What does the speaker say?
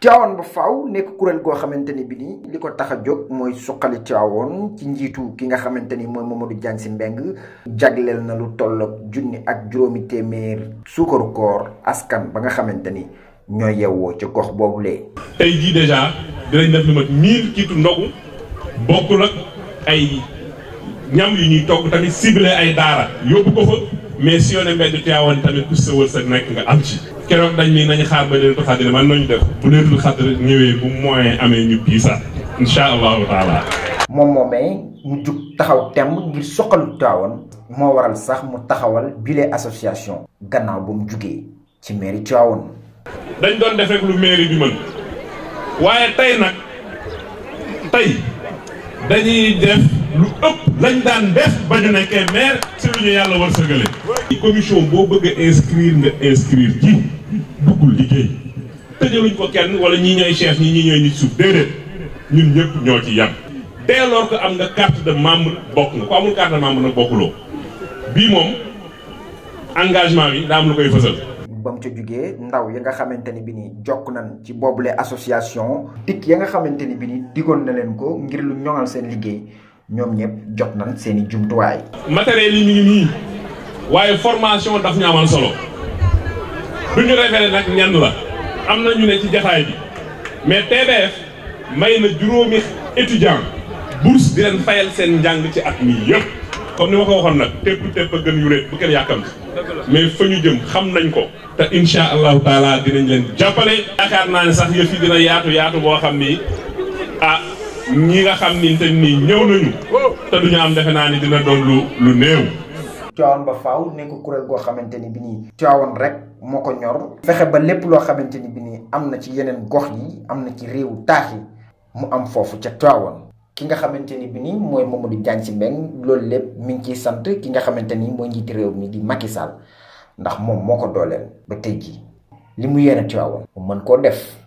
Tiwaawan ba faaw nekk kuréel goo xamante ni bi ni li ko tax a jóg mooy suqali Tiwaawan ci njiitu ki nga xamante ni mooy Mamadou jàng si Mbengue jagleel na lu toll ak junni ak juróomi téeméer suukaru koor askan ba nga xamante ni ñooy yewwoo ci gox boobu lee tey jii dèjà dinañ def lu mat mille kiitu ndogu bokkul ak ay ñam yu ñuy togg tamit ciblé ay daara yóbbu ko fa mais si yoone mbedd Tiwaawan tamit ku sa nekk nga am ci keroog dañ ni nañ xaar ba leetul xadr man nañu def amee ñu bii sax moom moomee taxaw temb ngir soqalu Tiwaawan moo waral sax mu taxawal bile association gannaaw ba mu ci mairie dañ doon def rek lu mairie bi mën waaye tey nag tey dañuy def lu ëpp lañ daan def ba nekkee maire si lu ñu yàlla war sëgale. commission boo bëgg a inscrire nga inscrire ci. duggul liggéey tëjaluñ ko kenn wala ñii ñooy chef ñi ñii ñooy nit suuf déedéet ñun ñëpp ñoo ci yam dès lors am nga carte de membre bokk nga ko amul carte de membre nag bokkuloo bii moom engagement bi daa am lu koy fësal. ba mu ca jugee ndaw ya nga xamante ni bi ni jokk nañ ci boobule association. tikk ya nga xamante ni bi ni diggoon na leen ko ngir lu ñoŋal seen liggéey ñoom ñëpp jot nañ seeni jumtuwaay. matériel yi ñu ngi waaye formation daf ñu amal du ñu révélé nag ñan la am na ñu ne ci jataay bi mais TBF may na juróomi étudiant bourse di leen fayal seen njàng ci at mi yëpp comme ni ma waxoon nag tépp tépp a gën yuréet bu kenn yàkkam mais fa ñu jëm xam nañ ko te insha allahu taala dinañ leen jàppale yaakaar naa ne sax yëf yi dina yaatu yaatu boo xam ni ah ñi nga xam ni te nii ñëw nañu te duñu am defe naa ni dina doon lu lu néew Tivaouane ba faaw nekk kuréel goo xamante ni bi nii Tivaouane rek moo ko ñor fexe ba lépp loo xamante ni bi nii am na ci yeneen gox yi am na ci réewu taax yi mu am foofu ca Tivaouane ki nga xamante ni bi nii mooy Mamadou Diagne Sy Mbengue loolu lépp mi ngi ciy sant ki nga xamante ni mooy njiiti réew mi di Macky Sall ndax moom moo ko dooleel ba tey jii li mu yéene Tivaouane mu mën koo def